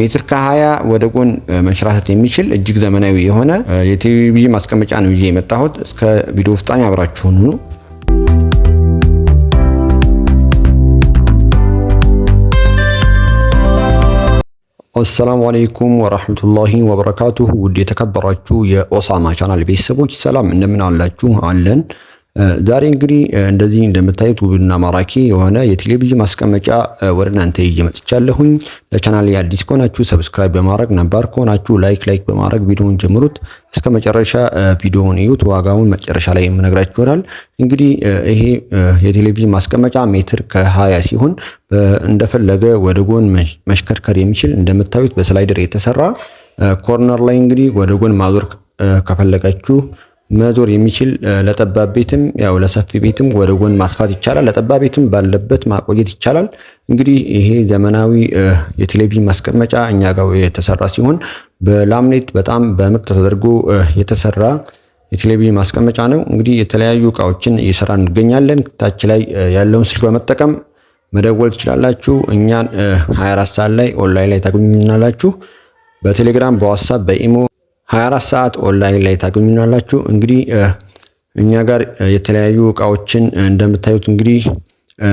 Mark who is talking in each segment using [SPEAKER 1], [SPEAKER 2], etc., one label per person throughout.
[SPEAKER 1] ሜትር ከ20 ወደ ጎን መንሸራተት የሚችል እጅግ ዘመናዊ የሆነ የቴሌቪዥን ማስቀመጫ ነው ይዤ የመጣሁት። እስከ ቪዲዮ ፍጻሜ አብራችሁን ሁኑ። አሰላሙ አለይኩም ወራህመቱላሂ ወበረካቱሁ። ውድ የተከበራችሁ የኦሳማ ቻናል ቤተሰቦች ሰላም እንደምን አላችሁ? አለን ዛሬ እንግዲህ እንደዚህ እንደምታዩት ውብና ማራኪ የሆነ የቴሌቪዥን ማስቀመጫ ወደ እናንተ ይዤ መጥቻለሁኝ። ለቻናል አዲስ ከሆናችሁ ሰብስክራይብ በማድረግ ነባር ከሆናችሁ ላይክ ላይክ በማድረግ ቪዲዮውን ጀምሩት እስከ መጨረሻ ቪዲዮውን እዩት። ዋጋውን መጨረሻ ላይ የምነግራችሁ ይሆናል። እንግዲህ ይሄ የቴሌቪዥን ማስቀመጫ ሜትር ከሀያ ሲሆን እንደፈለገ ወደ ጎን መሽከርከር የሚችል እንደምታዩት በስላይደር የተሰራ ኮርነር ላይ እንግዲህ ወደ ጎን ማዞር ከፈለጋችሁ መዞር የሚችል ለጠባብ ቤትም ያው ለሰፊ ቤትም ወደ ጎን ማስፋት ይቻላል። ለጠባብ ቤትም ባለበት ማቆየት ይቻላል። እንግዲህ ይሄ ዘመናዊ የቴሌቪዥን ማስቀመጫ እኛ ጋር የተሰራ ሲሆን በላምኔት በጣም በምርጥ ተደርጎ የተሰራ የቴሌቪዥን ማስቀመጫ ነው። እንግዲህ የተለያዩ እቃዎችን እየሰራ እንገኛለን። ታች ላይ ያለውን ስልክ በመጠቀም መደወል ትችላላችሁ። እኛን 24 ሰዓት ላይ ኦንላይን ላይ ታገኙናላችሁ። በቴሌግራም በዋትሳፕ በኢሞ 24 ሰዓት ኦንላይን ላይ ታገኙናላችሁ። እንግዲህ እኛ ጋር የተለያዩ እቃዎችን እንደምታዩት እንግዲህ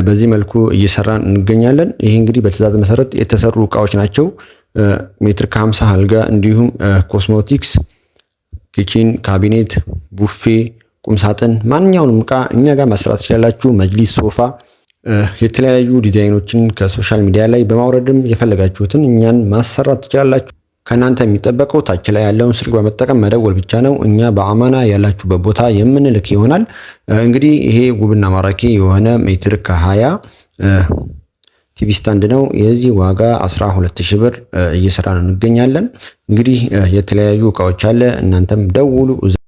[SPEAKER 1] በዚህ መልኩ እየሰራን እንገኛለን። ይህ እንግዲህ በትዕዛዝ መሰረት የተሰሩ እቃዎች ናቸው። ሜትር ከ50 አልጋ፣ እንዲሁም ኮስሞቲክስ፣ ኪችን ካቢኔት፣ ቡፌ፣ ቁምሳጥን ማንኛውንም እቃ እኛ ጋር መስራት ትችላላችሁ። መጅሊስ፣ ሶፋ፣ የተለያዩ ዲዛይኖችን ከሶሻል ሚዲያ ላይ በማውረድም የፈለጋችሁትን እኛን ማሰራት ትችላላችሁ። ከእናንተ የሚጠበቀው ታች ላይ ያለውን ስልክ በመጠቀም መደወል ብቻ ነው። እኛ በአማና ያላችሁበት ቦታ የምንልክ ይሆናል። እንግዲህ ይሄ ውብና ማራኪ የሆነ ሜትር ከሀያ ቲቪ ስታንድ ነው። የዚህ ዋጋ 12000 ብር እየሰራን እንገኛለን። እንግዲህ የተለያዩ እቃዎች አለ። እናንተም ደውሉ።